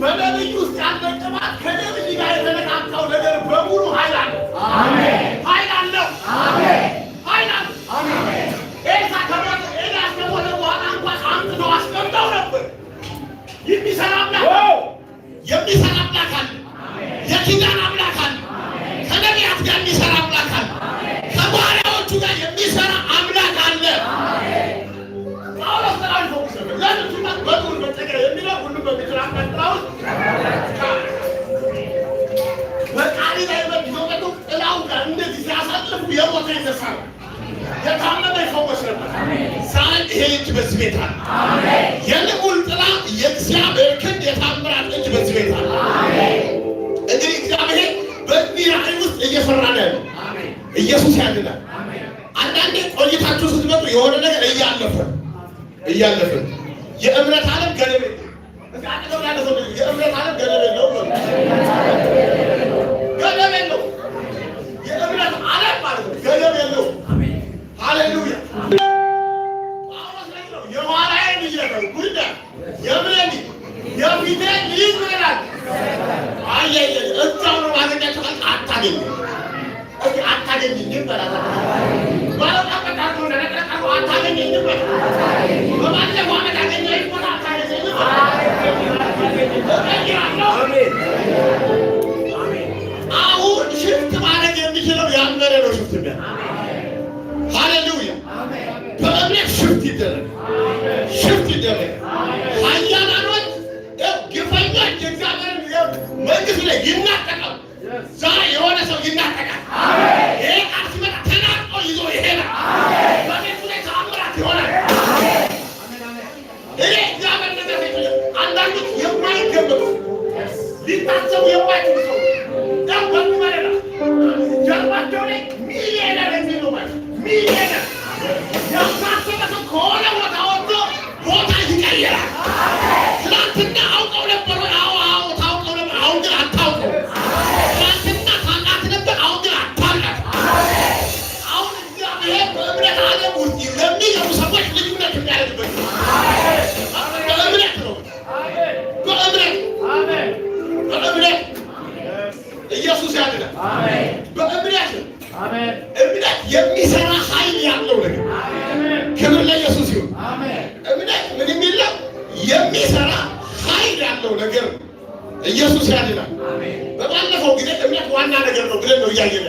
በነብይ ውስጥ ያለ ቅባት ከነብይ ጋር የተነካካው ነገር በሙሉ ኃይል አለ። በምስራቅ ኤርትራ ውስጥ ላይ በሚወቀጡ ጥላው ጋር እንደዚህ ሲያሳልፉ የሞተ ይነሳ የታመመ ይፈወስ ነበር። ዛሬ ይሄ እጅ በዚህ ቤት አለ። የልዑል ጥላ የእግዚአብሔር ክንድ የታምራት እጅ በዚህ ቤት አለ። እንግዲህ እግዚአብሔር በዚህ ራእይ ውስጥ እየሰራ ነው ኢየሱስ ያድናል። አንዳንዴ ቆይታችሁ ስትመጡ የሆነ ነገር እያለፈ እያለፈ የእምነት ዓለም ገለቤት የእምነት ዓለም ገደብ የለውም ነው። ዓመት አገኘ ሽፍት ማድረግ የሚችለው ያመነ ነው። ሽፍት ሚ ሃሌሉያ። በእምነት ሽፍት ይደረግ፣ ሽፍት ይደረግ። ኃያላኖች ግፈኞች የእግዚአብሔር መንግስት ላይ ይናጠቃል። ዛሬ የሆነ ሰው ይናጠቃል። ይሄ ቃል ሲመጣ ተናቆ ይዞ ይሄዳል። በቤቱ ላይ ተአምራት ይሆናል። ይሄ እግዚአብሔር ነገር የማይገመቱ ሊታሰቡ የማይችሉ ሰው ገባችሁ ማለት ነው። ጀርባቸው ላይ ሚሊየነር የሚሉ ማለት ሚሊየነር ያሳሰበሰው ከሆነ ክብር ለኢየሱስ ይሁን። እምነት ምን የሚለው የሚሰራ ኃይል ያለው ነገር ኢየሱስ ያድናል። በባለፈው ጊዜ እምነት ዋና ነገር ነው ብለን ነው እያየን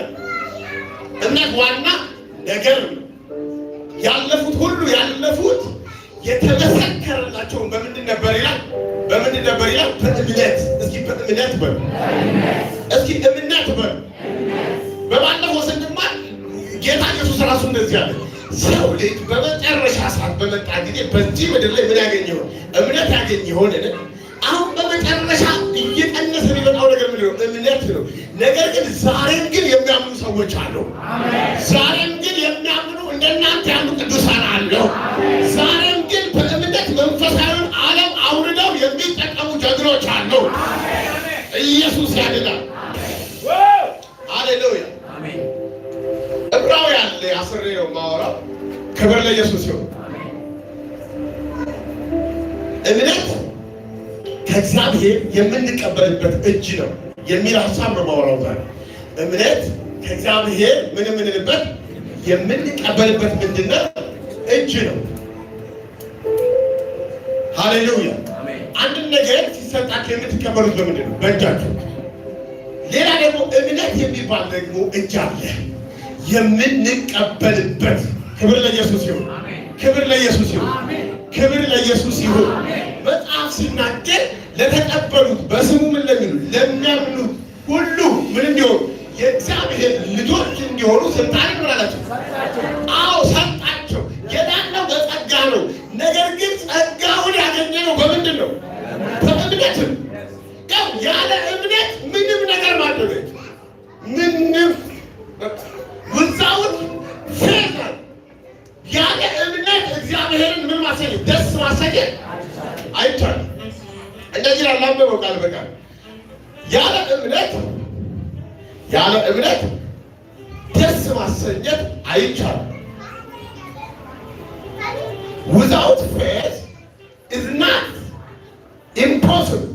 እምነት ዋና ነገር ነው። ያለፉት ሁሉ ያለፉት የተመሰከረላቸውን በምንድን ነበር ይላል፣ በምንድን ነበር ይላል። በእምነት እስኪ በእምነት በል እስኪ እምነት በል። በባለፈው ስንማር ጌታ ኢየሱስ ራሱ እንደዚህ አለ ሰው ልጅ በመጨረሻ ሰዓት በመጣ ጊዜ በዚህ ምድር ላይ ምን ያገኘ ይሆን? እምነት ያገኝ ይሆን? አሁን በመጨረሻ እየቀነሰ የሚመጣው ነገር ምን ነው? እምነት ነው። ነገር ግን ዛሬም ግን የሚያምኑ ሰዎች አሉ። ዛሬም ግን የሚያምኑ እንደናንተ ያሉ ቅዱሳን አለው። እብራው ያለ አስሬ ነው የማወራው። ክብር ለኢየሱስ ይሁን። እምነት ከእግዚአብሔር የምንቀበልበት እጅ ነው የሚል ሀሳብ ነው የማወራው ዛሬ። እምነት ከእግዚአብሔር ምን የምንልበት የምንቀበልበት ምንድነው? እጅ ነው። ሃሌሉያ። አንድ ነገር ሲሰጣችሁ የምትቀበሉት በምንድን ነው? በእጃችሁ። ሌላ ደግሞ እምነት የሚባል ደግሞ እጅ አለ። የምንቀበልበት ክብር ለኢየሱስ ይሁን። ክብር ለኢየሱስ ይሁን። ክብር ለኢየሱስ ይሁን። መጽሐፍ ሲናገር ለተቀበሉት በስሙ ምን ለሚሉ ለሚያምኑት ሁሉ ምን እንዲሆኑ የእግዚአብሔር ልጆች እንዲሆኑ ስልጣን ይኖራላቸው። አዎ ሰጣቸው። የዳነው በጸጋ ነው። ነገር ግን ጸጋውን ያገኘ ነው በምንድን ነው? በእምነትም ያለ እምነት ምንም ነገር ማድረግ ምንም ራሴን ደስ ማሰኘት አይቻልም። እንደዚህ በቃል ያለ እምነት ያለ እምነት ደስ ማሰኘት አይቻልም። ዊዛውት ፌዝ ኢዝ ናት ኢምፖስብል